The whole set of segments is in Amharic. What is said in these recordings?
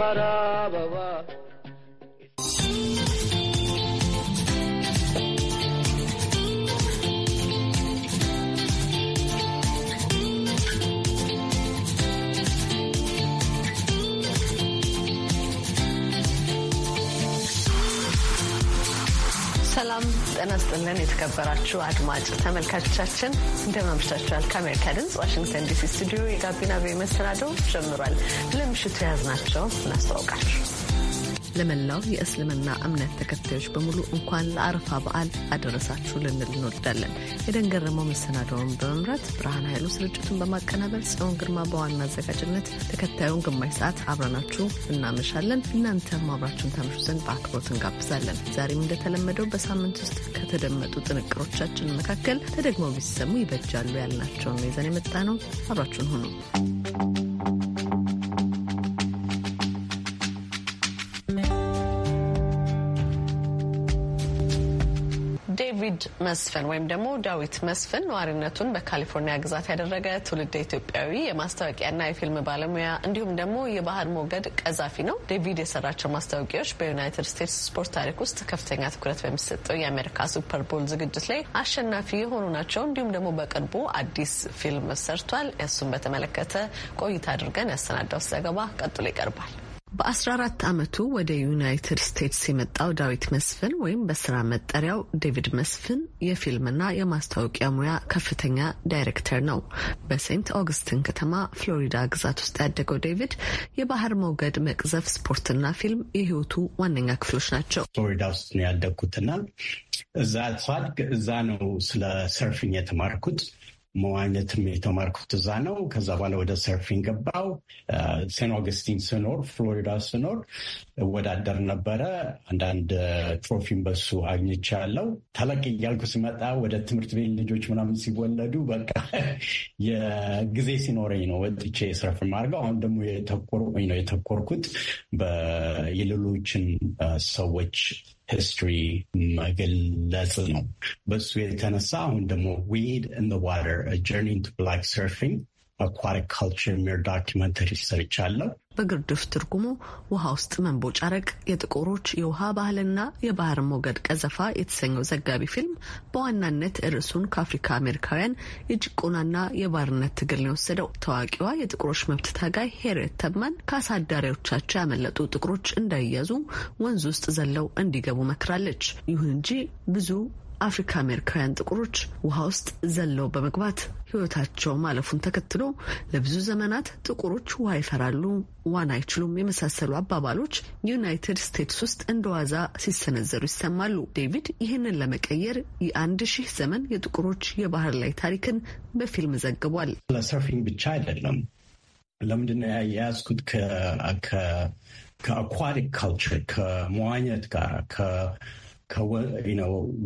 पराभव ጤና ስጥልን የተከበራችሁ አድማጭ ተመልካቾቻችን እንደማምሽታችኋል። ከአሜሪካ ድምጽ ዋሽንግተን ዲሲ ስቱዲዮ የጋቢና ቤ መሰናዶ ጀምሯል። ለምሽቱ የያዝናቸው እናስተዋውቃችሁ ለመላው የእስልምና እምነት ተከታዮች በሙሉ እንኳን ለአረፋ በዓል አደረሳችሁ ልንል እንወዳለን። የደንገረመው መሰናዳውን በመምራት ብርሃን ኃይሉ ስርጭቱን በማቀናበር ጽዮን ግርማ በዋና አዘጋጅነት ተከታዩን ግማሽ ሰዓት አብረናችሁ እናመሻለን። እናንተም አብራችሁን ታመሹ ዘንድ በአክብሮት እንጋብዛለን። ዛሬም እንደተለመደው በሳምንት ውስጥ ከተደመጡ ጥንቅሮቻችን መካከል ተደግሞ ቢሰሙ ይበጃሉ ያልናቸውን ይዘን የመጣ ነው። አብራችሁን ሁኑ። ዳዊት መስፍን ወይም ደግሞ ዳዊት መስፍን ነዋሪነቱን በካሊፎርኒያ ግዛት ያደረገ ትውልደ ኢትዮጵያዊ የማስታወቂያና የፊልም ባለሙያ እንዲሁም ደግሞ የባህር ሞገድ ቀዛፊ ነው። ዴቪድ የሰራቸው ማስታወቂያዎች በዩናይትድ ስቴትስ ስፖርት ታሪክ ውስጥ ከፍተኛ ትኩረት በሚሰጠው የአሜሪካ ሱፐር ቦል ዝግጅት ላይ አሸናፊ የሆኑ ናቸው። እንዲሁም ደግሞ በቅርቡ አዲስ ፊልም ሰርቷል። እሱን በተመለከተ ቆይታ አድርገን ያሰናዳው ዘገባ ቀጥሎ ይቀርባል። በ14 ዓመቱ ወደ ዩናይትድ ስቴትስ የመጣው ዳዊት መስፍን ወይም በስራ መጠሪያው ዴቪድ መስፍን የፊልምና የማስታወቂያ ሙያ ከፍተኛ ዳይሬክተር ነው። በሴንት ኦግስትን ከተማ ፍሎሪዳ ግዛት ውስጥ ያደገው ዴቪድ የባህር ሞገድ መቅዘፍ ስፖርትና ፊልም የህይወቱ ዋነኛ ክፍሎች ናቸው። ፍሎሪዳ ውስጥ ነው ያደግኩትና እዛ ሳድግ እዛ ነው ስለ ሰርፊንግ የተማርኩት መዋኘትም የተማርኩት እዛ ነው። ከዛ በኋላ ወደ ሰርፊን ገባው። ሴን ኦገስቲን ስኖር ፍሎሪዳ ስኖር እወዳደር ነበረ። አንዳንድ ትሮፊን በሱ አግኝቼ ያለው ተለቅ እያልኩ ሲመጣ ወደ ትምህርት ቤት ልጆች ምናምን ሲወለዱ በቃ የጊዜ ሲኖረኝ ነው ወጥቼ ስረፍ ማድርገው። አሁን ደግሞ የተኮርኩት በሌሎችን ሰዎች ሂስትሪ መገለጽ ነው። በሱ የተነሳ አሁን ደግሞ ዊድ ኢን ዘ ዋተር ጀርኒ ቱ ብላክ ሰርፊንግ አኳሪ ካልቸር የሚር ዶኪመንተሪ ሰርቻለሁ። በግርድፍ ትርጉሙ ውሃ ውስጥ መንቦጫረቅ የጥቁሮች የውሃ ባህልና የባህር ሞገድ ቀዘፋ የተሰኘው ዘጋቢ ፊልም በዋናነት ርዕሱን ከአፍሪካ አሜሪካውያን የጭቆናና የባርነት ትግል ነው የወሰደው። ታዋቂዋ የጥቁሮች መብት ታጋይ ሄሬት ተብማን ከአሳዳሪዎቻቸው ያመለጡ ጥቁሮች እንዳይያዙ ወንዝ ውስጥ ዘለው እንዲገቡ መክራለች። ይሁን እንጂ ብዙ አፍሪካ አሜሪካውያን ጥቁሮች ውሃ ውስጥ ዘለው በመግባት ሕይወታቸው ማለፉን ተከትሎ ለብዙ ዘመናት ጥቁሮች ውሃ ይፈራሉ፣ ዋና አይችሉም የመሳሰሉ አባባሎች ዩናይትድ ስቴትስ ውስጥ እንደ ዋዛ ሲሰነዘሩ ይሰማሉ። ዴቪድ ይህንን ለመቀየር የአንድ ሺህ ዘመን የጥቁሮች የባህር ላይ ታሪክን በፊልም ዘግቧል። ለሰርፊንግ ብቻ አይደለም። ለምንድነው የያዝኩት ከአኳሪክ ካልቸር ከመዋኘት ጋር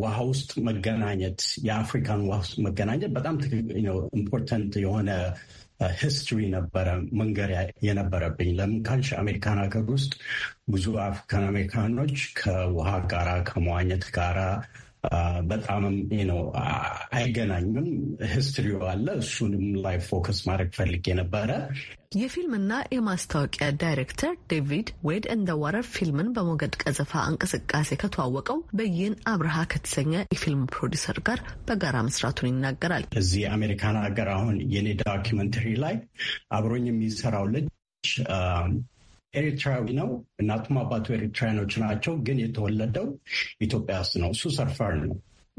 ውሃ ውስጥ መገናኘት የአፍሪካን ውሃ ውስጥ መገናኘት በጣም ኢምፖርተንት የሆነ ሂስትሪ uh, ነበረ መንገድ የነበረብኝ። ለምን ካልሽ አሜሪካን ሀገር ውስጥ ብዙ አፍሪካን አሜሪካኖች ከውሃ ጋራ ከመዋኘት ጋራ በጣምም ነው አይገናኙም። ሂስትሪው አለ። እሱንም ላይ ፎከስ ማድረግ ፈልግ የነበረ የፊልምና የማስታወቂያ ዳይሬክተር ዴቪድ ዌድ እንደ ወረር ፊልምን በሞገድ ቀዘፋ እንቅስቃሴ ከተዋወቀው በይን አብርሃ ከተሰኘ የፊልም ፕሮዲሰር ጋር በጋራ መስራቱን ይናገራል። እዚህ አሜሪካን ሀገር አሁን የኔ ዳኪመንተሪ ላይ አብሮኝ የሚሰራው ልጅ ኤሪትራዊ ነው። እናቱም አባቱ ኤሪትራያኖች ናቸው። ግን የተወለደው ኢትዮጵያ ውስጥ ነው። እሱ ሰርፈር ነው።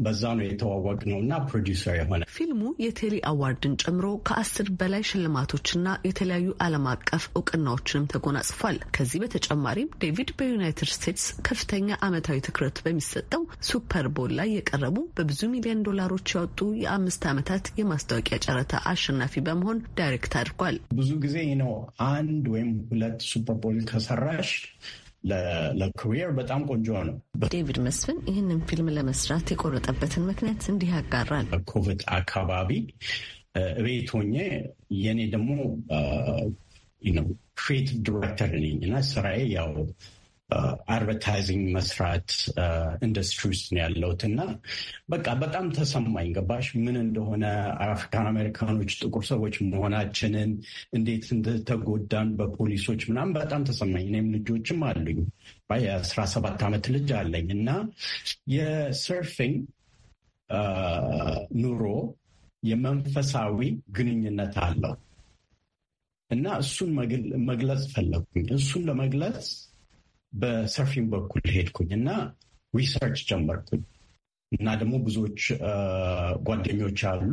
በዛ ነው የተዋወቅ ነው እና ፕሮዲሰር የሆነ ፊልሙ የቴሌ አዋርድን ጨምሮ ከአስር በላይ ሽልማቶችና የተለያዩ ዓለም አቀፍ እውቅናዎችንም ተጎናጽፏል። ከዚህ በተጨማሪም ዴቪድ በዩናይትድ ስቴትስ ከፍተኛ ዓመታዊ ትኩረት በሚሰጠው ሱፐር ቦል ላይ የቀረቡ በብዙ ሚሊዮን ዶላሮች ያወጡ የአምስት ዓመታት የማስታወቂያ ጨረታ አሸናፊ በመሆን ዳይሬክት አድርጓል። ብዙ ጊዜ ነው አንድ ወይም ሁለት ሱፐር ቦል ከሰራሽ ለኩሪየር በጣም ቆንጆ ነው። ዴቪድ መስፍን ይህንን ፊልም ለመስራት የቆረጠበትን ምክንያት እንዲህ ያጋራል። ኮቪድ አካባቢ እቤት ሆኜ የእኔ ደግሞ ክሬቲቭ ዲሬክተር ነኝ እና ስራዬ ያው አድቨርታይዚንግ መስራት ኢንዱስትሪ ውስጥ ነው ያለሁት እና በቃ በጣም ተሰማኝ። ገባሽ ምን እንደሆነ አፍሪካን አሜሪካኖች ጥቁር ሰዎች መሆናችንን እንዴት እንደተጎዳን በፖሊሶች ምናምን በጣም ተሰማኝ። እኔም ልጆችም አሉኝ የአስራ ሰባት ዓመት ልጅ አለኝ እና የሰርፊንግ ኑሮ የመንፈሳዊ ግንኙነት አለው እና እሱን መግለጽ ፈለጉኝ እሱን ለመግለጽ በሰርፊንግ በኩል ሄድኩኝ እና ሪሰርች ጀመርኩኝ እና ደግሞ ብዙዎች ጓደኞች አሉ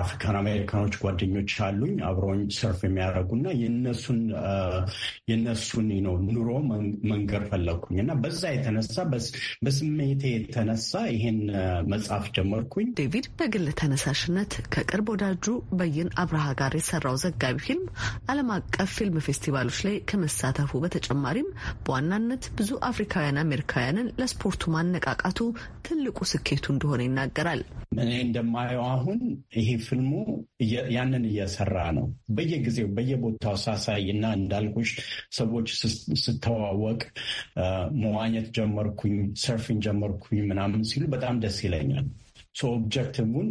አፍሪካን አሜሪካኖች ጓደኞች አሉኝ አብረውኝ ሰርፍ የሚያደርጉ እና የነሱን ነው ኑሮ መንገድ ፈለግኩኝ እና በዛ የተነሳ በስሜቴ የተነሳ ይሄን መጽሐፍ ጀመርኩኝ። ዴቪድ በግል ተነሳሽነት ከቅርብ ወዳጁ በይን አብርሃ ጋር የሰራው ዘጋቢ ፊልም ዓለም አቀፍ ፊልም ፌስቲቫሎች ላይ ከመሳተፉ በተጨማሪም በዋናነት ብዙ አፍሪካውያን አሜሪካውያንን ለስፖርቱ ማነቃቃቱ ትልቁ ስኬቱ እንደሆነ ይናገራል። እኔ እንደማየው አሁን ይሄ ፊልሙ ያንን እየሰራ ነው። በየጊዜው በየቦታው ሳሳይ እና እንዳልኩሽ ሰዎች ስተዋወቅ መዋኘት ጀመርኩኝ፣ ሰርፊን ጀመርኩኝ ምናምን ሲሉ በጣም ደስ ይለኛል። ኦብጀክቲቭን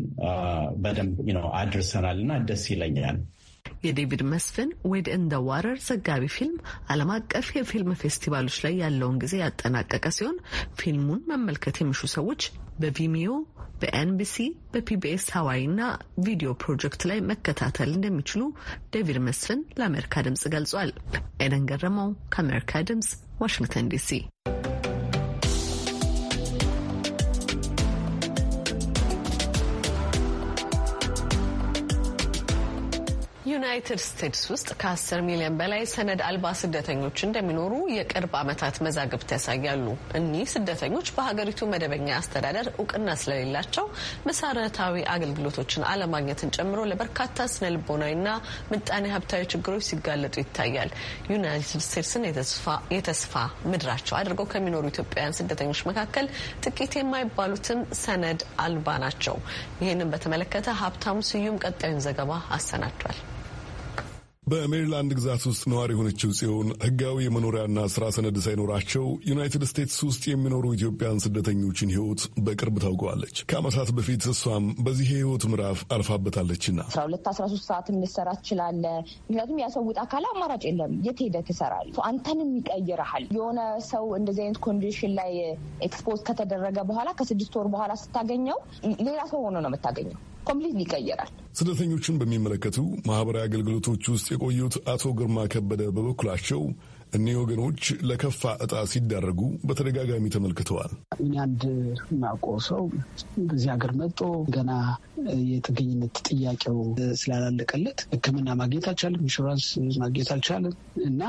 በደንብ አድርሰናል እና ደስ ይለኛል። የዴቪድ መስፍን ዌድ እንደ ዋረር ዘጋቢ ፊልም ዓለም አቀፍ የፊልም ፌስቲቫሎች ላይ ያለውን ጊዜ ያጠናቀቀ ሲሆን ፊልሙን መመልከት የሚሹ ሰዎች በቪሚዮ በኤንቢሲ በፒቢኤስ ሀዋይ እና ቪዲዮ ፕሮጀክት ላይ መከታተል እንደሚችሉ ዴቪድ መስፍን ለአሜሪካ ድምጽ ገልጿል። ኤደን ገረመው ከአሜሪካ ድምጽ ዋሽንግተን ዲሲ ዩናይትድ ስቴትስ ውስጥ ከ10 ሚሊዮን በላይ ሰነድ አልባ ስደተኞች እንደሚኖሩ የቅርብ ዓመታት መዛግብት ያሳያሉ። እኒህ ስደተኞች በሀገሪቱ መደበኛ አስተዳደር እውቅና ስለሌላቸው መሰረታዊ አገልግሎቶችን አለማግኘትን ጨምሮ ለበርካታ ስነ ልቦናዊና ምጣኔ ሀብታዊ ችግሮች ሲጋለጡ ይታያል። ዩናይትድ ስቴትስን የተስፋ ምድራቸው አድርገው ከሚኖሩ ኢትዮጵያውያን ስደተኞች መካከል ጥቂት የማይባሉትም ሰነድ አልባ ናቸው። ይህንን በተመለከተ ሀብታሙ ስዩም ቀጣዩን ዘገባ አሰናድቷል። በሜሪላንድ ግዛት ውስጥ ነዋሪ የሆነችው ጽዮን ህጋዊ የመኖሪያና ስራ ሰነድ ሳይኖራቸው ዩናይትድ ስቴትስ ውስጥ የሚኖሩ ኢትዮጵያን ስደተኞችን ህይወት በቅርብ ታውቀዋለች። ከዓመታት በፊት እሷም በዚህ የህይወት ምዕራፍ አልፋበታለችና አስራ ሁለት አስራ ሶስት ሰዓት ልሰራ ትችላለ። ምክንያቱም ያሰውጥ አካል አማራጭ የለም። የት ሄደ ትሰራል። አንተንም ይቀይረሃል። የሆነ ሰው እንደዚህ አይነት ኮንዲሽን ላይ ኤክስፖዝ ከተደረገ በኋላ ከስድስት ወር በኋላ ስታገኘው ሌላ ሰው ሆኖ ነው የምታገኘው። ኮምፕሊት ይቀይራል። ስደተኞቹን በሚመለከቱ ማህበራዊ አገልግሎቶች ውስጥ የቆዩት አቶ ግርማ ከበደ በበኩላቸው እኒህ ወገኖች ለከፋ እጣ ሲዳረጉ በተደጋጋሚ ተመልክተዋል። እኔ አንድ ማቆ ሰው በዚህ ሀገር መጦ ገና የጥገኝነት ጥያቄው ስላላለቀለት ሕክምና ማግኘት አልቻለም፣ ኢንሹራንስ ማግኘት አልቻለም እና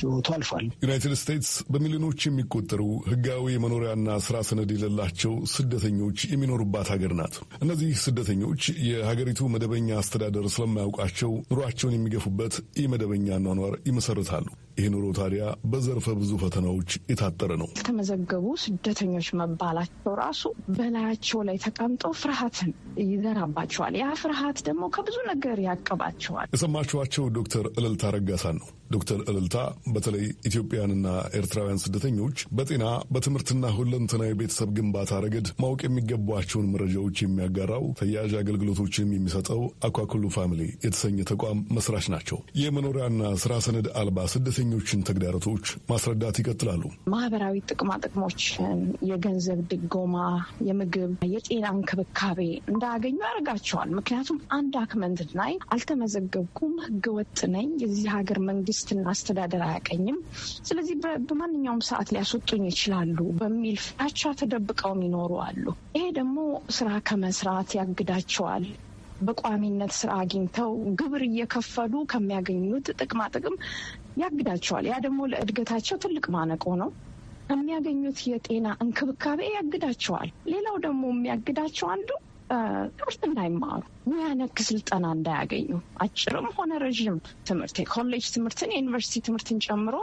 ህይወቱ አልፏል። ዩናይትድ ስቴትስ በሚሊዮኖች የሚቆጠሩ ህጋዊ የመኖሪያና ስራ ሰነድ የሌላቸው ስደተኞች የሚኖሩባት ሀገር ናት። እነዚህ ስደተኞች የሀገሪቱ መደበኛ አስተዳደር ስለማያውቃቸው ኑሯቸውን የሚገፉበት ኢ መደበኛ ኗኗር ይመሰርታሉ። ይህ ኑሮ ታዲያ በዘርፈ ብዙ ፈተናዎች የታጠረ ነው። የተመዘገቡ ስደተኞች መባላቸው ራሱ በላያቸው ላይ ተቀምጦ ፍርሃትን ይዘራባቸዋል። ያ ፍርሃት ደግሞ ከብዙ ነገር ያቀባቸዋል። የሰማችኋቸው ዶክተር እልልታ ረጋሳን ነው። ዶክተር እልልታ በተለይ ኢትዮጵያንና ኤርትራውያን ስደተኞች በጤና በትምህርትና ሁለንተና የቤተሰብ ግንባታ ረገድ ማወቅ የሚገባቸውን መረጃዎች የሚያጋራው ተያያዥ አገልግሎቶችም የሚሰጠው አኳኩሉ ፋሚሊ የተሰኘ ተቋም መስራች ናቸው። የመኖሪያና ስራ ሰነድ አልባ ስደተ የስደተኞችን ተግዳሮቶች ማስረዳት ይቀጥላሉ። ማህበራዊ ጥቅማጥቅሞችን፣ የገንዘብ ድጎማ፣ የምግብ፣ የጤና እንክብካቤ እንዳያገኙ ያደርጋቸዋል። ምክንያቱም አንድ አክመንት ላይ አልተመዘገብኩም፣ ህገወጥ ነኝ፣ የዚህ ሀገር መንግስትና አስተዳደር አያቀኝም፣ ስለዚህ በማንኛውም ሰዓት ሊያስወጡኝ ይችላሉ በሚል ፍራቻ ተደብቀው ይኖሩ አሉ። ይሄ ደግሞ ስራ ከመስራት ያግዳቸዋል። በቋሚነት ስራ አግኝተው ግብር እየከፈሉ ከሚያገኙት ጥቅማጥቅም ያግዳቸዋል። ያ ደግሞ ለእድገታቸው ትልቅ ማነቆ ነው። ከሚያገኙት የጤና እንክብካቤ ያግዳቸዋል። ሌላው ደግሞ የሚያግዳቸው አንዱ ትምህርት እንዳይማሩ ሙያ ነክ ስልጠና እንዳያገኙ አጭርም ሆነ ረዥም ትምህርት የኮሌጅ ትምህርትን የዩኒቨርሲቲ ትምህርትን ጨምሮ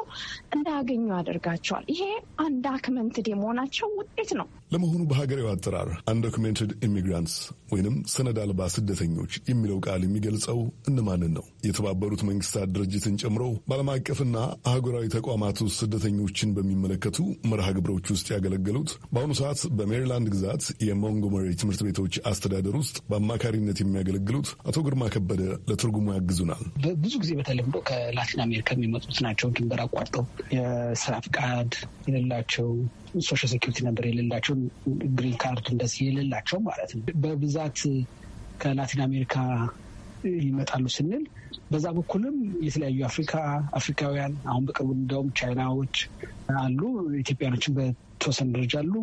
እንዳያገኙ ያደርጋቸዋል። ይሄ አንድ አክመንትድ የመሆናቸው ውጤት ነው። ለመሆኑ በሀገሬው አጠራር አንዶክሜንትድ ኢሚግራንትስ ወይንም ሰነድ አልባ ስደተኞች የሚለው ቃል የሚገልጸው እነማንን ነው? የተባበሩት መንግስታት ድርጅትን ጨምሮ በዓለም አቀፍና አህጉራዊ ተቋማት ውስጥ ስደተኞችን በሚመለከቱ መርሃ ግብሮች ውስጥ ያገለገሉት በአሁኑ ሰዓት በሜሪላንድ ግዛት የሞንጎመሪ ትምህርት ቤቶች አስተዳደር ውስጥ በአማካሪነት የሚያገለግሉት አቶ ግርማ ከበደ ለትርጉሙ ያግዙናል። ብዙ ጊዜ በተለምዶ ከላቲን አሜሪካ የሚመጡት ናቸው። ድንበር አቋርጠው የስራ ፍቃድ የሌላቸው ሶሻል ሴኪሪቲ ነበር የሌላቸው ግሪን ካርድ እንደዚህ የሌላቸው ማለት ነው። በብዛት ከላቲን አሜሪካ ይመጣሉ ስንል በዛ በኩልም የተለያዩ አፍሪካ አፍሪካውያን አሁን በቅርቡ እንደውም ቻይናዎች አሉ ኢትዮጵያኖችን በተወሰነ ደረጃ አሉ።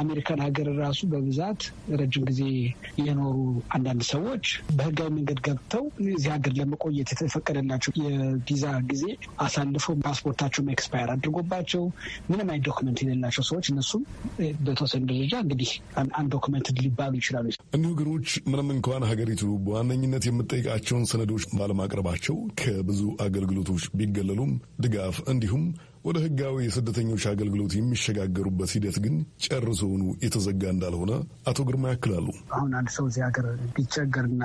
አሜሪካን ሀገር ራሱ በብዛት ረጅም ጊዜ የኖሩ አንዳንድ ሰዎች በህጋዊ መንገድ ገብተው እዚህ ሀገር ለመቆየት የተፈቀደላቸው የቪዛ ጊዜ አሳልፈው ፓስፖርታቸውም ኤክስፓየር አድርጎባቸው ምንም አይነት ዶክመንት የሌላቸው ሰዎች እነሱም በተወሰነ ደረጃ እንግዲህ አንድ ዶክመንት ሊባሉ ይችላሉ። እኒሁ ግሮች ምንም እንኳን ሀገሪቱ በዋነኝነት የምጠይቃቸውን ሰነዶች ባለማቅረባቸው ከብዙ አገልግሎቶች ቢገለሉም ድጋፍ እንዲሁም ወደ ህጋዊ የስደተኞች አገልግሎት የሚሸጋገሩበት ሂደት ግን ጨርሶውኑ የተዘጋ እንዳልሆነ አቶ ግርማ ያክላሉ። አሁን አንድ ሰው እዚህ ሀገር ቢቸገርና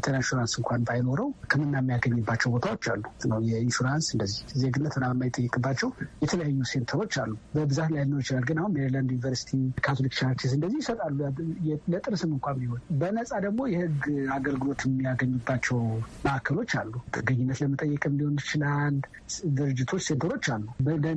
ኢንሹራንስ እንኳን ባይኖረው ሕክምና የሚያገኝባቸው ቦታዎች አሉ ነው የኢንሹራንስ እንደዚህ ዜግነት ና የማይጠይቅባቸው የተለያዩ ሴንተሮች አሉ። በብዛት ላይ ሊኖር ይችላል፣ ግን አሁን ሜሪላንድ ዩኒቨርሲቲ፣ ካቶሊክ ቻርቲስ እንደዚህ ይሰጣሉ። ለጥርስም እንኳን ቢሆን በነፃ ደግሞ የህግ አገልግሎት የሚያገኙባቸው ማዕከሎች አሉ። ጥገኝነት ለመጠየቅም ሊሆን ይችላል። ድርጅቶች ሴንተሮች አሉ።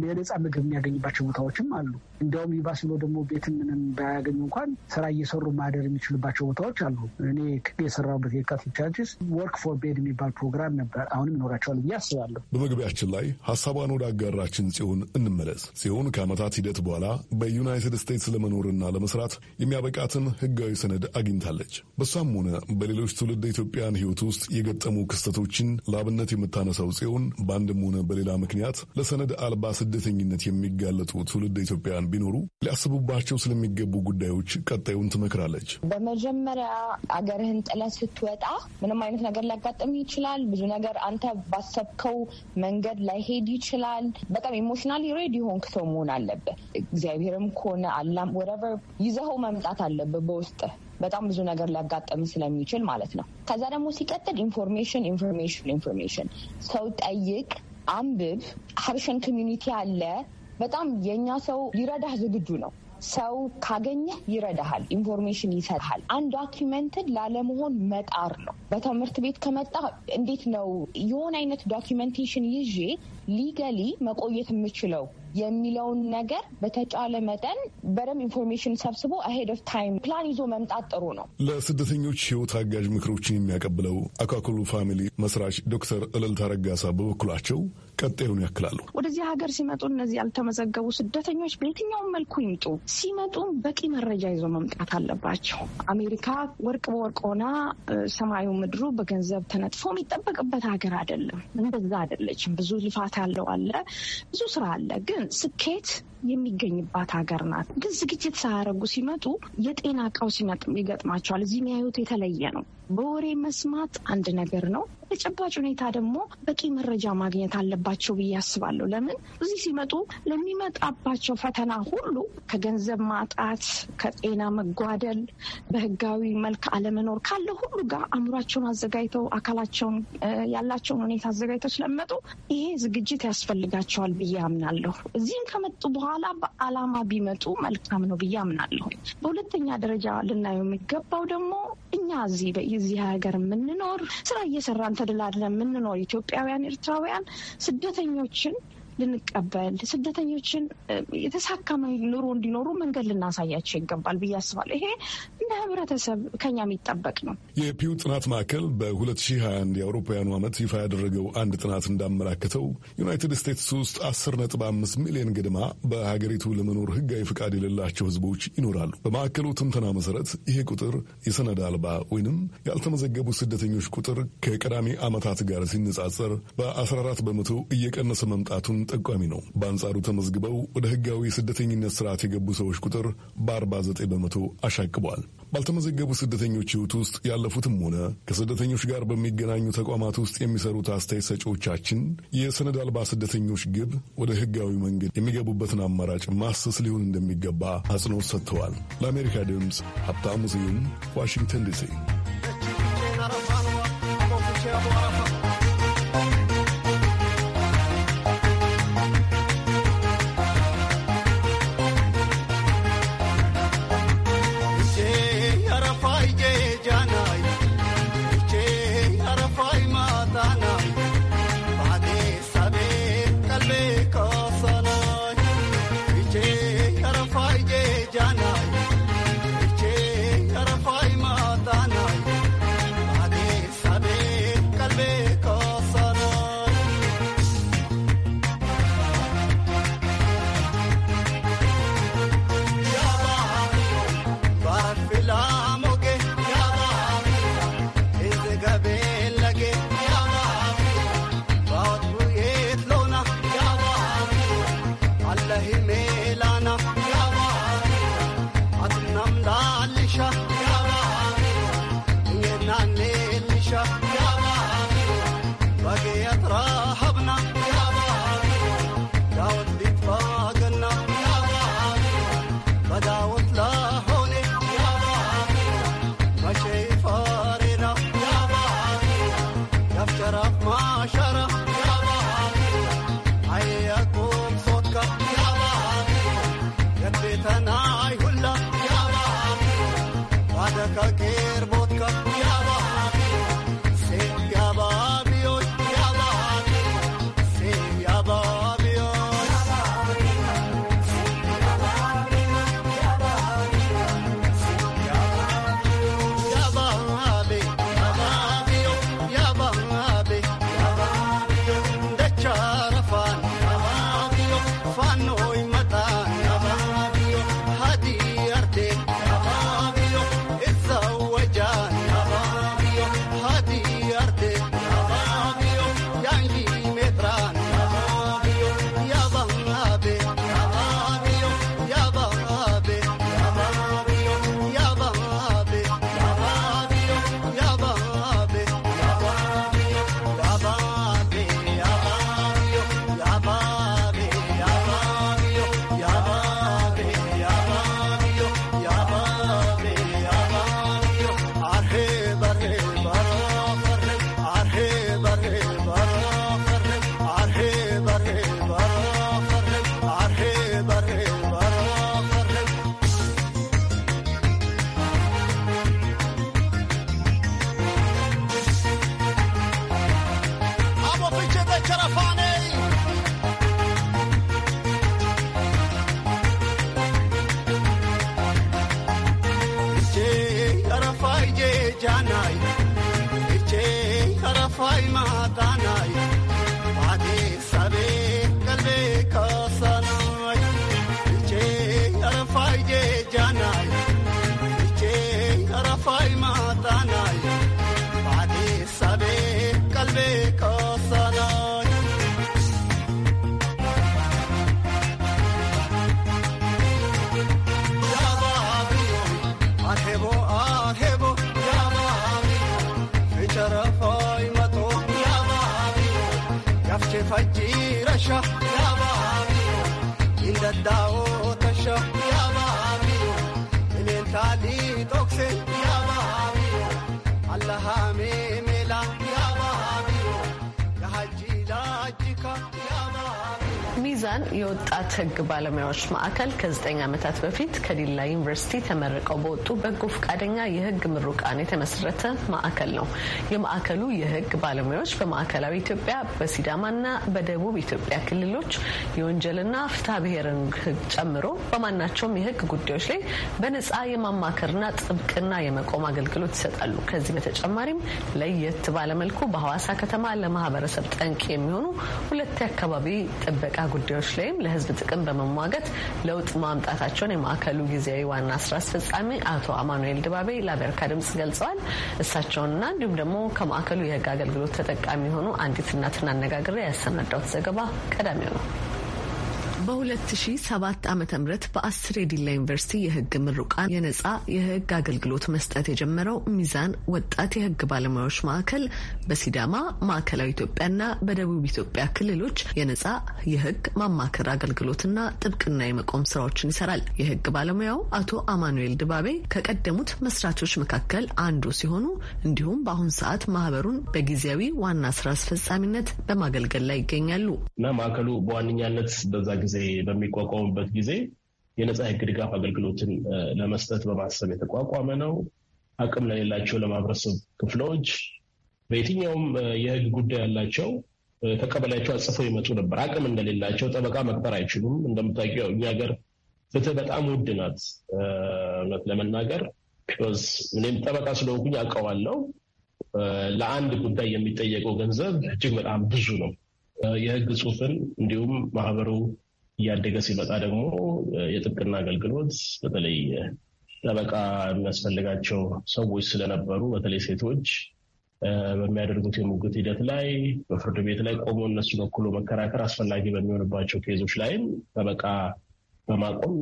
የነጻ ምግብ የሚያገኝባቸው ቦታዎችም አሉ። እንዲያውም ይባስ ብሎ ደግሞ ቤት ምንም ባያገኙ እንኳን ስራ እየሰሩ ማደር የሚችሉባቸው ቦታዎች አሉ። እኔ የሰራሁበት የካቶ ቻርጅስ ወርክ ፎር ቤድ የሚባል ፕሮግራም ነበር። አሁንም ይኖራቸዋል ብዬ አስባለሁ። በመግቢያችን ላይ ሀሳቧን ወደ አጋራችን ጽዮን እንመለስ። ጽዮን ከዓመታት ሂደት በኋላ በዩናይትድ ስቴትስ ለመኖርና ለመስራት የሚያበቃትን ህጋዊ ሰነድ አግኝታለች። በሷም ሆነ በሌሎች ትውልድ ኢትዮጵያን ህይወት ውስጥ የገጠሙ ክስተቶችን ለአብነት የምታነሳው ጽዮን በአንድም ሆነ በሌላ ምክንያት ለሰነድ አልባ ስደተኝነት የሚጋለጡ ትውልድ ኢትዮጵያውያን ቢኖሩ ሊያስቡባቸው ስለሚገቡ ጉዳዮች ቀጣዩን ትመክራለች። በመጀመሪያ አገርህን ጥለህ ስትወጣ ምንም አይነት ነገር ሊያጋጥም ይችላል። ብዙ ነገር አንተ ባሰብከው መንገድ ላይሄድ ይችላል። በጣም ኢሞሽናሊ ሬዲ ሆንክ ሰው መሆን አለብህ። እግዚአብሔርም ከሆነ አላም ወረቨር ይዘኸው መምጣት አለብህ በውስጥ በጣም ብዙ ነገር ሊያጋጠም ስለሚችል ማለት ነው። ከዛ ደግሞ ሲቀጥል ኢንፎርሜሽን ኢንፎርሜሽን ኢንፎርሜሽን ሰው ጠይቅ አንብብ። ሀበሻን ኮሚኒቲ አለ። በጣም የእኛ ሰው ሊረዳህ ዝግጁ ነው። ሰው ካገኘህ ይረዳሃል፣ ኢንፎርሜሽን ይሰጥሃል። አንድ ዶኪመንትን ላለመሆን መጣር ነው። በትምህርት ቤት ከመጣ እንዴት ነው የሆነ አይነት ዶኪመንቴሽን ይዤ ሊገሊ መቆየት የምችለው የሚለውን ነገር በተጫለ መጠን በደንብ ኢንፎርሜሽን ሰብስቦ አሄድ ኦፍ ታይም ፕላን ይዞ መምጣት ጥሩ ነው። ለስደተኞች ህይወት አጋዥ ምክሮችን የሚያቀብለው አካክሉ ፋሚሊ መስራች ዶክተር እልልታ ረጋሳ በበኩላቸው ቀጣዩን ያክላሉ። ወደዚህ ሀገር ሲመጡ እነዚህ ያልተመዘገቡ ስደተኞች በየትኛውም መልኩ ይምጡ፣ ሲመጡም በቂ መረጃ ይዞ መምጣት አለባቸው። አሜሪካ ወርቅ በወርቅ ሆና ሰማዩ ምድሩ በገንዘብ ተነጥፎ የሚጠበቅበት ሀገር አይደለም። እንደዛ አይደለችም። ብዙ ልፋት ያለው አለ፣ ብዙ ስራ አለ። ግን ስኬት የሚገኝባት ሀገር ናት። ግን ዝግጅት ሳያደርጉ ሲመጡ የጤና ቀውስ ይገጥማቸዋል። እዚህ የሚያዩት የተለየ ነው። በወሬ መስማት አንድ ነገር ነው። በተጨባጭ ሁኔታ ደግሞ በቂ መረጃ ማግኘት አለባቸው ብዬ አስባለሁ። ለምን እዚህ ሲመጡ ለሚመጣባቸው ፈተና ሁሉ ከገንዘብ ማጣት፣ ከጤና መጓደል፣ በህጋዊ መልክ አለመኖር ካለ ሁሉ ጋር አእምሯቸውን አዘጋጅተው አካላቸውን ያላቸውን ሁኔታ አዘጋጅተው ስለሚመጡ ይሄ ዝግጅት ያስፈልጋቸዋል ብዬ አምናለሁ። እዚህም ከመጡ በኋላ በኋላ በዓላማ ቢመጡ መልካም ነው ብዬ አምናለሁ። በሁለተኛ ደረጃ ልናየው የሚገባው ደግሞ እኛ እዚህ በዚህ ሀገር የምንኖር ስራ እየሰራን ተደላድለን የምንኖር ኢትዮጵያውያን፣ ኤርትራውያን ስደተኞችን ልንቀበል ስደተኞችን የተሳካ ኑሮ እንዲኖሩ መንገድ ልናሳያቸው ይገባል ብዬ አስባለሁ። ይሄ እንደ ህብረተሰብ ከኛ የሚጠበቅ ነው። የፒው ጥናት ማዕከል በ2021 የአውሮፓውያኑ ዓመት ይፋ ያደረገው አንድ ጥናት እንዳመላከተው ዩናይትድ ስቴትስ ውስጥ 5 ሚሊዮን ገድማ በሀገሪቱ ለመኖር ህጋዊ ፍቃድ የሌላቸው ህዝቦች ይኖራሉ። በማዕከሉ ትንተና መሰረት ይሄ ቁጥር የሰነድ አልባ ወይንም ያልተመዘገቡ ስደተኞች ቁጥር ከቀዳሚ ዓመታት ጋር ሲነጻጸር በ14 በመቶ እየቀነሰ መምጣቱን መሆኑም ጠቋሚ ነው። በአንጻሩ ተመዝግበው ወደ ህጋዊ ስደተኝነት ስርዓት የገቡ ሰዎች ቁጥር በ49 በመቶ አሻቅቧል። ባልተመዘገቡ ስደተኞች ህይወት ውስጥ ያለፉትም ሆነ ከስደተኞች ጋር በሚገናኙ ተቋማት ውስጥ የሚሰሩት አስተያየት ሰጪዎቻችን የሰነድ አልባ ስደተኞች ግብ ወደ ህጋዊ መንገድ የሚገቡበትን አማራጭ ማሰስ ሊሆን እንደሚገባ አጽንኦት ሰጥተዋል። ለአሜሪካ ድምፅ ሀብታሙ ስዩም ዋሽንግተን ዲሲ Allah me mila ya Wahabi ya Haji jika ሚዛን የወጣት ህግ ባለሙያዎች ማዕከል ከ9 ዓመታት በፊት ከዲላ ዩኒቨርሲቲ ተመርቀው በወጡ በጎ ፈቃደኛ የህግ ምሩቃን የተመሰረተ ማዕከል ነው። የማዕከሉ የህግ ባለሙያዎች በማዕከላዊ ኢትዮጵያ በሲዳማና በደቡብ ኢትዮጵያ ክልሎች የወንጀልና ፍትሐ ብሔርን ህግ ጨምሮ በማናቸውም የህግ ጉዳዮች ላይ በነፃ የማማከርና ጥብቅና የመቆም አገልግሎት ይሰጣሉ። ከዚህ በተጨማሪም ለየት ባለመልኩ በሐዋሳ ከተማ ለማህበረሰብ ጠንቅ የሚሆኑ ሁለት የአካባቢ ጥበቃ ጉዳዮች ጉዳዮች ላይም ለህዝብ ጥቅም በመሟገት ለውጥ ማምጣታቸውን የማዕከሉ ጊዜያዊ ዋና ስራ አስፈጻሚ አቶ አማኑኤል ድባቤ ለአሜሪካ ድምጽ ገልጸዋል። እሳቸውንና እንዲሁም ደግሞ ከማዕከሉ የህግ አገልግሎት ተጠቃሚ የሆኑ አንዲት እናትን አነጋግሬ ያሰናዳሁት ዘገባ ቀዳሚው ነው። በ2007 ዓ ም በአስር የዲላ ዩኒቨርሲቲ የህግ ምሩቃን የነጻ የህግ አገልግሎት መስጠት የጀመረው ሚዛን ወጣት የህግ ባለሙያዎች ማዕከል በሲዳማ ማዕከላዊ ኢትዮጵያና በደቡብ ኢትዮጵያ ክልሎች የነጻ የህግ ማማከር አገልግሎትና ጥብቅና የመቆም ስራዎችን ይሰራል። የህግ ባለሙያው አቶ አማኑኤል ድባቤ ከቀደሙት መስራቾች መካከል አንዱ ሲሆኑ እንዲሁም በአሁን ሰዓት ማህበሩን በጊዜያዊ ዋና ስራ አስፈጻሚነት በማገልገል ላይ ይገኛሉ እና ማዕከሉ በዋነኛነት በዛ ጊዜ ጊዜ በሚቋቋሙበት ጊዜ የነፃ ህግ ድጋፍ አገልግሎትን ለመስጠት በማሰብ የተቋቋመ ነው። አቅም ለሌላቸው ለማህበረሰብ ክፍሎች በየትኛውም የህግ ጉዳይ ያላቸው ተቀበላቸው አጽፈው ይመጡ ነበር። አቅም እንደሌላቸው ጠበቃ መቅጠር አይችሉም። እንደምታውቂው እኛ ሀገር ፍትህ በጣም ውድ ናት። እውነት ለመናገር እኔም ጠበቃ ስለሆንኩኝ አውቀዋለሁ። ለአንድ ጉዳይ የሚጠየቀው ገንዘብ እጅግ በጣም ብዙ ነው። የህግ ጽሁፍን እንዲሁም ማህበሩ እያደገ ሲመጣ ደግሞ የጥብቅና አገልግሎት በተለይ ጠበቃ የሚያስፈልጋቸው ሰዎች ስለነበሩ በተለይ ሴቶች በሚያደርጉት የሙግት ሂደት ላይ በፍርድ ቤት ላይ ቆሞ እነሱ በኩሎ መከራከር አስፈላጊ በሚሆንባቸው ኬዞች ላይም ጠበቃ በማቆም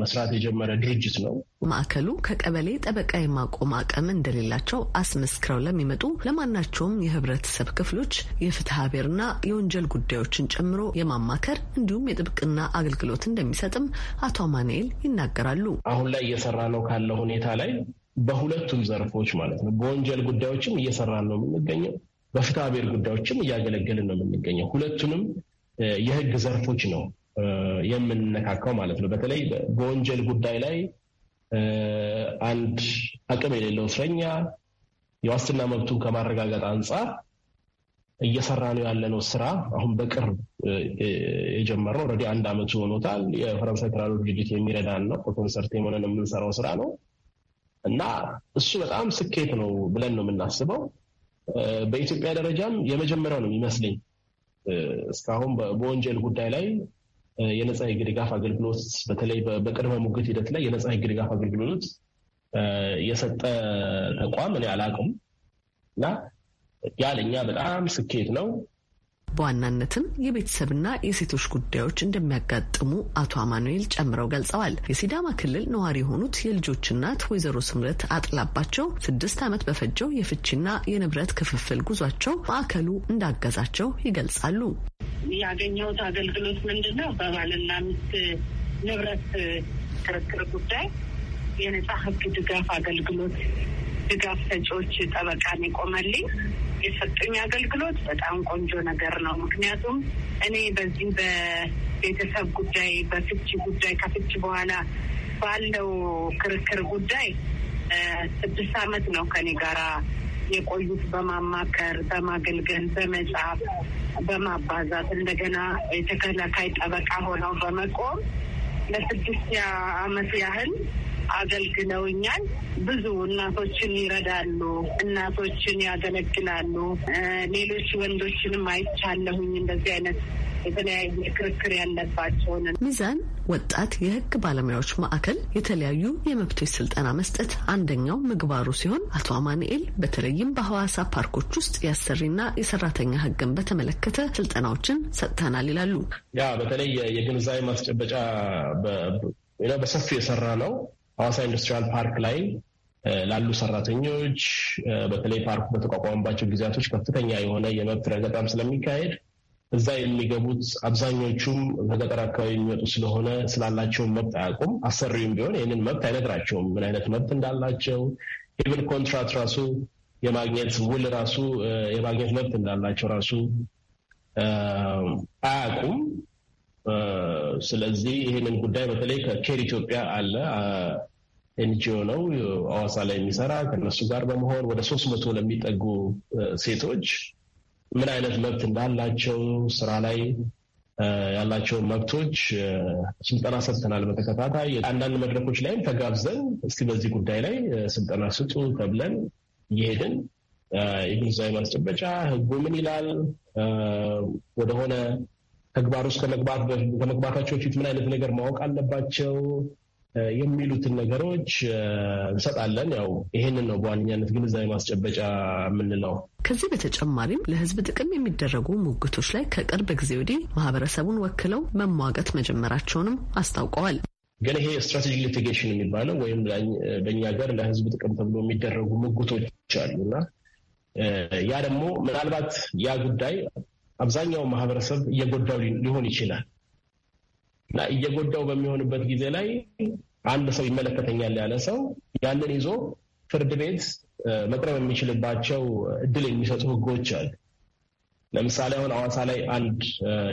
መስራት የጀመረ ድርጅት ነው። ማዕከሉ ከቀበሌ ጠበቃ የማቆም አቅም እንደሌላቸው አስመስክረው ለሚመጡ ለማናቸውም የህብረተሰብ ክፍሎች የፍትሐ ብሔርና የወንጀል ጉዳዮችን ጨምሮ የማማከር እንዲሁም የጥብቅና አገልግሎት እንደሚሰጥም አቶ አማንኤል ይናገራሉ። አሁን ላይ እየሰራ ነው ካለው ሁኔታ ላይ በሁለቱም ዘርፎች ማለት ነው። በወንጀል ጉዳዮችም እየሰራን ነው የምንገኘው፣ በፍትሐ ብሔር ጉዳዮችም እያገለገልን ነው የምንገኘው። ሁለቱንም የህግ ዘርፎች ነው የምንነካካው ማለት ነው። በተለይ በወንጀል ጉዳይ ላይ አንድ አቅም የሌለው እስረኛ የዋስትና መብቱን ከማረጋገጥ አንጻር እየሰራ ነው ያለነው ስራ አሁን በቅርብ የጀመረው ኦልሬዲ አንድ ዓመቱ ሆኖታል። የፈረንሳይ ትራሎ ድርጅት የሚረዳን ነው። በኮንሰርት የሆነን የምንሰራው ስራ ነው እና እሱ በጣም ስኬት ነው ብለን ነው የምናስበው። በኢትዮጵያ ደረጃም የመጀመሪያው ነው የሚመስለኝ እስካሁን በወንጀል ጉዳይ ላይ የነፃ ህግ ድጋፍ አገልግሎት በተለይ በቅድመ ሙግት ሂደት ላይ የነፃ ህግ ድጋፍ አገልግሎት የሰጠ ተቋም እኔ አላውቅም እና ያ ለእኛ በጣም ስኬት ነው። በዋናነትም የቤተሰብና የሴቶች ጉዳዮች እንደሚያጋጥሙ አቶ አማኑኤል ጨምረው ገልጸዋል። የሲዳማ ክልል ነዋሪ የሆኑት የልጆች እናት ወይዘሮ ስምረት አጥላባቸው ስድስት ዓመት በፈጀው የፍቺና የንብረት ክፍፍል ጉዟቸው ማዕከሉ እንዳገዛቸው ይገልጻሉ። ያገኘሁት አገልግሎት ምንድን ነው? በባልና ሚስት ንብረት ክርክር ጉዳይ የነጻ ህግ ድጋፍ አገልግሎት ድጋፍ ሰጪዎች ጠበቃን ይቆመልኝ የሰጡኝ አገልግሎት በጣም ቆንጆ ነገር ነው። ምክንያቱም እኔ በዚህ በቤተሰብ ጉዳይ፣ በፍቺ ጉዳይ ከፍቺ በኋላ ባለው ክርክር ጉዳይ ስድስት አመት ነው ከኔ ጋራ የቆዩት በማማከር በማገልገል፣ በመጻፍ፣ በማባዛት እንደገና የተከላካይ ጠበቃ ሆነው በመቆም ለስድስት ዓመት ያህል አገልግለውኛል። ብዙ እናቶችን ይረዳሉ፣ እናቶችን ያገለግላሉ። ሌሎች ወንዶችንም አይቻለሁኝ እንደዚህ አይነት የተለያየ ክርክር ያለባቸውን ሚዛን ወጣት የህግ ባለሙያዎች ማዕከል የተለያዩ የመብቶች ስልጠና መስጠት አንደኛው ምግባሩ ሲሆን አቶ አማንኤል በተለይም በሐዋሳ ፓርኮች ውስጥ የአሰሪና የሰራተኛ ህግን በተመለከተ ስልጠናዎችን ሰጥተናል ይላሉ። ያ በተለይ የግንዛቤ ማስጨበጫ በሰፊው የሰራ ነው። ሐዋሳ ኢንዱስትሪያል ፓርክ ላይ ላሉ ሰራተኞች በተለይ ፓርኩ በተቋቋመባቸው ጊዜያቶች ከፍተኛ የሆነ የመብት ረገጣም ስለሚካሄድ እዛ የሚገቡት አብዛኞቹም በገጠር አካባቢ የሚመጡ ስለሆነ ስላላቸውን መብት አያውቁም። አሰሪውም ቢሆን ይህንን መብት አይነግራቸውም፣ ምን አይነት መብት እንዳላቸው ኢቨን ኮንትራት ራሱ የማግኘት ውል ራሱ የማግኘት መብት እንዳላቸው ራሱ አያውቁም። ስለዚህ ይህንን ጉዳይ በተለይ ከኬር ኢትዮጵያ አለ ኤንጂኦ ነው አዋሳ ላይ የሚሰራ ከነሱ ጋር በመሆን ወደ ሶስት መቶ ለሚጠጉ ሴቶች ምን አይነት መብት እንዳላቸው ስራ ላይ ያላቸውን መብቶች ስልጠና ሰጥተናል በተከታታይ አንዳንድ መድረኮች ላይም ተጋብዘን እስቲ በዚህ ጉዳይ ላይ ስልጠና ስጡ ተብለን እየሄድን የግንዛቤ ማስጨበጫ ህጉ ምን ይላል ወደሆነ ተግባር ውስጥ ከመግባታቸው በፊት ምን አይነት ነገር ማወቅ አለባቸው የሚሉትን ነገሮች እንሰጣለን። ያው ይሄንን ነው በዋነኛነት ግንዛቤ ማስጨበጫ የምንለው። ከዚህ በተጨማሪም ለሕዝብ ጥቅም የሚደረጉ ሙግቶች ላይ ከቅርብ ጊዜ ወዲህ ማህበረሰቡን ወክለው መሟገት መጀመራቸውንም አስታውቀዋል። ግን ይሄ ስትራቴጂክ ሊቲጌሽን የሚባለው ወይም በእኛ ሀገር ለሕዝብ ጥቅም ተብሎ የሚደረጉ ሙግቶች አሉ እና ያ ደግሞ ምናልባት ያ ጉዳይ አብዛኛው ማህበረሰብ እየጎዳው ሊሆን ይችላል እና እየጎዳው በሚሆንበት ጊዜ ላይ አንድ ሰው ይመለከተኛል ያለ ሰው ያንን ይዞ ፍርድ ቤት መቅረብ የሚችልባቸው እድል የሚሰጡ ህጎች አሉ። ለምሳሌ አሁን አዋሳ ላይ አንድ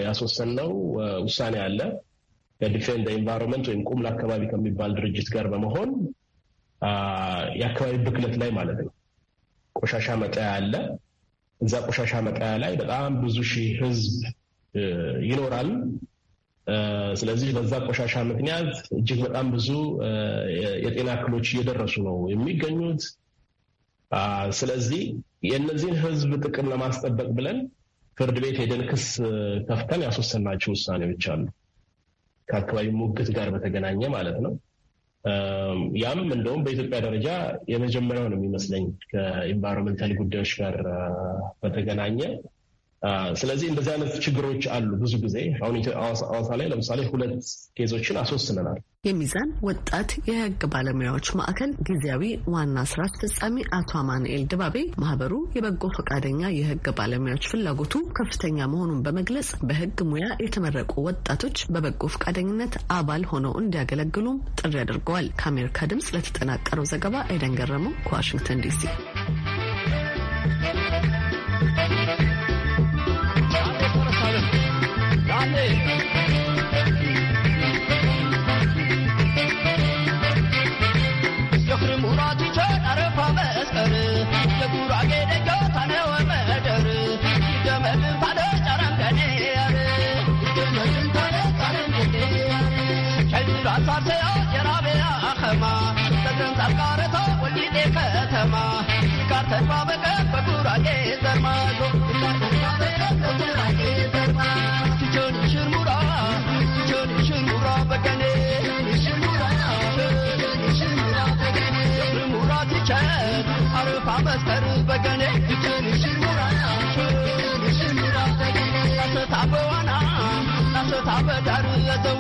ያስወሰንነው ውሳኔ አለ። ከዲፌንድ ኤንቫይሮንመንት ወይም ቁምላ አካባቢ ከሚባል ድርጅት ጋር በመሆን የአካባቢ ብክለት ላይ ማለት ነው ቆሻሻ መጣያ አለ። እዛ ቆሻሻ መጣያ ላይ በጣም ብዙ ሺህ ህዝብ ይኖራል። ስለዚህ በዛ ቆሻሻ ምክንያት እጅግ በጣም ብዙ የጤና እክሎች እየደረሱ ነው የሚገኙት። ስለዚህ የእነዚህን ህዝብ ጥቅም ለማስጠበቅ ብለን ፍርድ ቤት ሄደን ክስ ከፍተን ያስወሰናቸው ውሳኔዎች አሉ። ከአካባቢ ሙግት ጋር በተገናኘ ማለት ነው። ያም እንደውም በኢትዮጵያ ደረጃ የመጀመሪያው ነው የሚመስለኝ ከኢንቫይሮንመንታል ጉዳዮች ጋር በተገናኘ ስለዚህ እንደዚህ አይነት ችግሮች አሉ። ብዙ ጊዜ አሁን አዋሳ ላይ ለምሳሌ ሁለት ኬዞችን አስወስነናል። የሚዛን ወጣት የህግ ባለሙያዎች ማዕከል ጊዜያዊ ዋና ስራ አስፈጻሚ አቶ አማንኤል ድባቤ ማህበሩ የበጎ ፈቃደኛ የህግ ባለሙያዎች ፍላጎቱ ከፍተኛ መሆኑን በመግለጽ በህግ ሙያ የተመረቁ ወጣቶች በበጎ ፈቃደኝነት አባል ሆነው እንዲያገለግሉም ጥሪ አድርገዋል። ከአሜሪካ ድምጽ ለተጠናቀረው ዘገባ ኤደን ገረመው ከዋሽንግተን ዲሲ የራቢያ የራቢያ አኸማ ተዘንዛርቃረታ ወልዲዴ ከተማ ይቃር ተባበቀ በጉራጌ ዘርማጆ ይቃር ተባበቀ በጉራጌ ዘርማጆ ትጆን ሽርሙራ ትጆን ሽርሙራ በገኔ አረፋ መስከር በገኔ ትጆን ሽርሙራ ሽርሙራ በገኔ ናሰታ በዋና ናሰታ በዳር ለዘዊ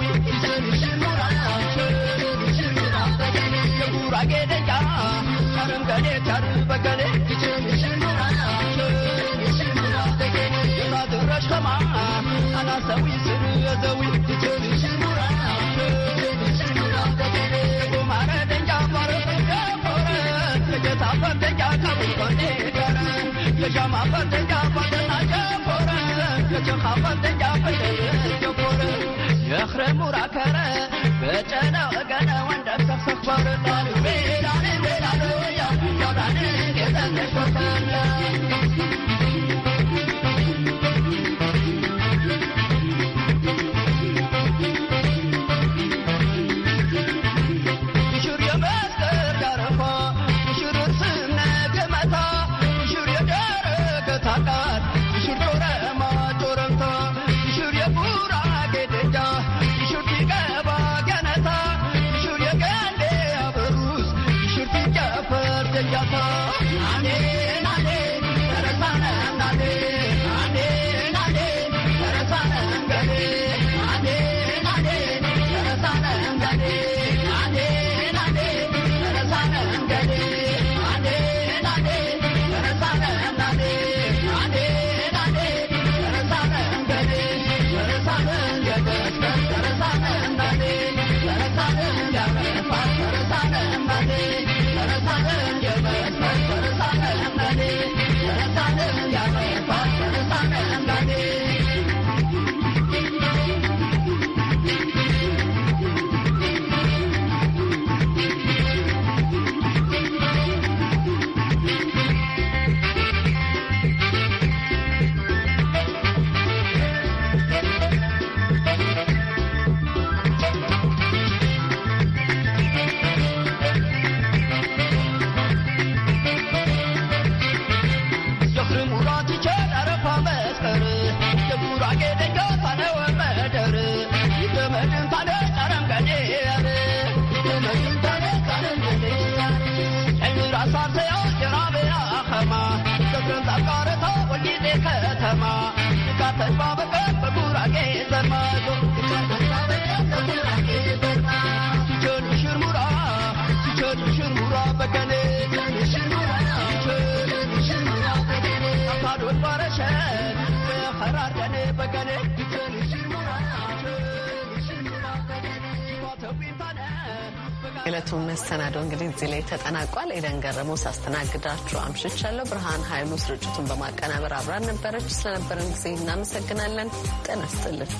يا خرم وراكرة بجنا وقنا وندم سخسخ بارد طالبين Tashbaba kan sabura ke sarmado. የዕለቱ መሰናዶ እንግዲህ እዚህ ላይ ተጠናቋል። ኤደን ገረመው ሳስተናግዳችሁ አምሽቻለሁ። ብርሃን ኃይሉ ስርጭቱን በማቀናበር አብራን ነበረች። ስለነበረን ጊዜ እናመሰግናለን። ጤና ይስጥልን።